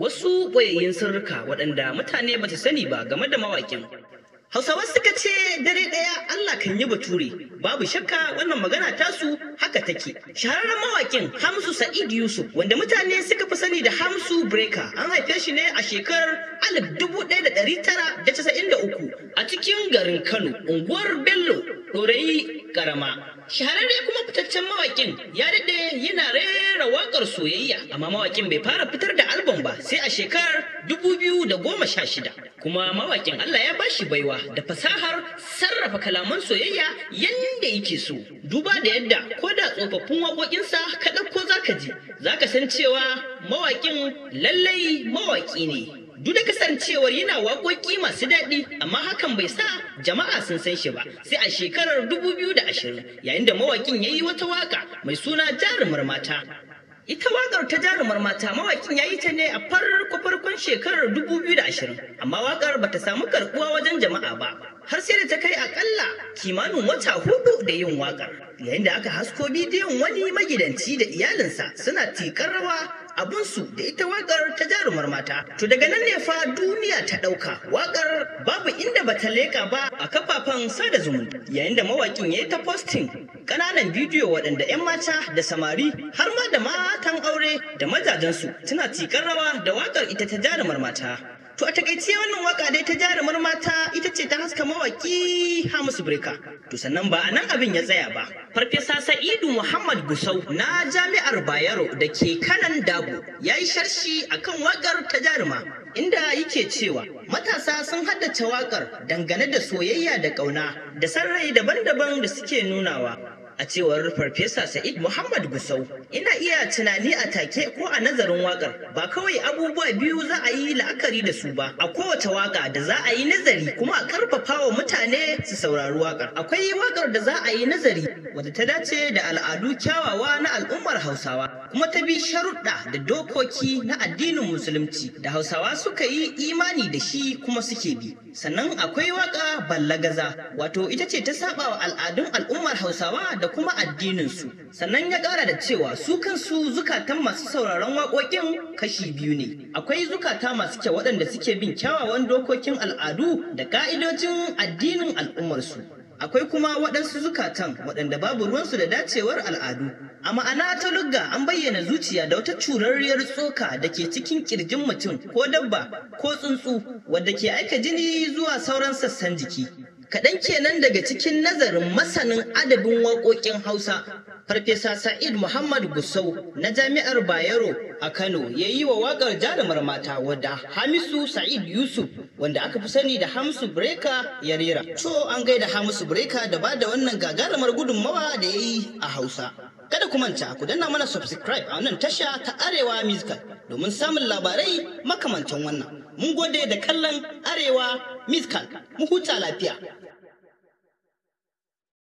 wasu ɓoyayyen sirrika waɗanda mutane ba su sani ba game da mawaƙin. Hausawa suka ce dare ɗaya Allah kan yi bature, babu shakka wannan magana tasu haka take. Shahararren mawaƙin Hamsu Sa'id Yusuf wanda mutane suka fi sani da Hamsu Breaker an haife shi ne a shekarar 1990 uku a cikin garin Kano, unguwar Bello, Dorayi Karama. shahararre kuma fitaccen mawakin ya daɗe yana rera waƙar soyayya amma mawakin bai fara fitar da album ba sai a shekarar dubu da goma sha shida. kuma mawakin Allah ya bashi baiwa da fasahar sarrafa kalaman soyayya yadda yake so duba da yadda ko da tsofaffin waƙoƙinsa ka ɗauko zaka ji ka san cewa mawakin lallai mawaki ne duk da kasancewar yana waƙoƙi masu daɗi amma hakan bai sa jama'a sun san shi ba sai a shekarar 2020 yayin da mawaƙin ya yi wata waƙa mai suna jarumar mata ita waƙar ta jarumar mata mawaƙin ya yi ta ne a farko-farkon shekarar da 2020 amma waƙar ba ta samu karɓuwa wajen jama'a ba har sai da ta kai akalla kimanin wata hudu da yin waƙar yayin da aka hasko bidiyon wani magidanci da iyalinsa suna tikar rawa abunsu da ita wakar ta jarumar mata. To daga nan ne fa duniya ta ɗauka wakar babu inda ba ta leƙa ba a kafafen sada zumunta yayin da mawakin ya yi ta posting ƙananan bidiyo waɗanda 'yan mata da samari har ma da matan aure da mazajensu suna cikar rawa da wakar ita ta jarumar mata. To a takaice wannan waka dai ta jarumar mata ita ce ta haska mawaki Hamisu Breka. To sannan ba a nan abin ya tsaya ba. Farfesa Sa'idu Muhammad Gusau na Jami'ar Bayero da ke kanan Dago, ya yi sharshi akan wakar ta jaruma inda yake cewa matasa sun haddace waƙar dangane da soyayya da ƙauna da sarrai daban-daban da suke nunawa A cewar Farfesa Sa'id Muhammad Gusau, ina iya tunani a take ko a nazarin wakar ba kawai abubuwa biyu za a yi la'akari da su ba a kowace waka da za a yi nazari kuma a karfafa wa mutane su saurari wakar. Akwai wakar da za a yi nazari wadda ta dace da al'adu kyawawa na al'ummar Hausawa kuma ta bi sharuɗa da dokoki na addinin musulunci da Hausawa suka yi imani da shi kuma suke bi. sannan akwai waka ballagaza wato ita ce ta saba wa al'adun al'ummar hausawa da kuma addininsu sannan ya kara da cewa su kansu zukatan masu sauraron waƙoƙin kashi biyu ne akwai zukata masu kyau waɗanda suke bin kyawawan dokokin al'adu da ka'idojin addinin al'ummarsu akwai kuma waɗansu zukatan waɗanda babu ruwansu da dacewar al'adu a ma'ana ta lugga an bayyana zuciya da wata curarriyar tsoka da ke cikin ƙirjin mutum ko dabba ko tsuntsu wadda ke aika jini zuwa sauran sassan jiki kaɗan kenan daga cikin nazarin masanin adabin waƙoƙin hausa Farfesa Sa'id Muhammad Gusau na Jami'ar Bayero a Kano ya yi wa waƙar jarumar mata wadda Hamisu Sa'id Yusuf wanda aka fi sani da Hamisu Breka ya rera. To an gaida Hamisu Breka da ba da wannan gagarumar gudunmawa da ya yi a Hausa. Kada ku manta ku danna mana subscribe a wannan tasha ta Arewa Musical domin samun labarai makamantan wannan. Mun gode da kallon Arewa Musical. Mu huta lafiya.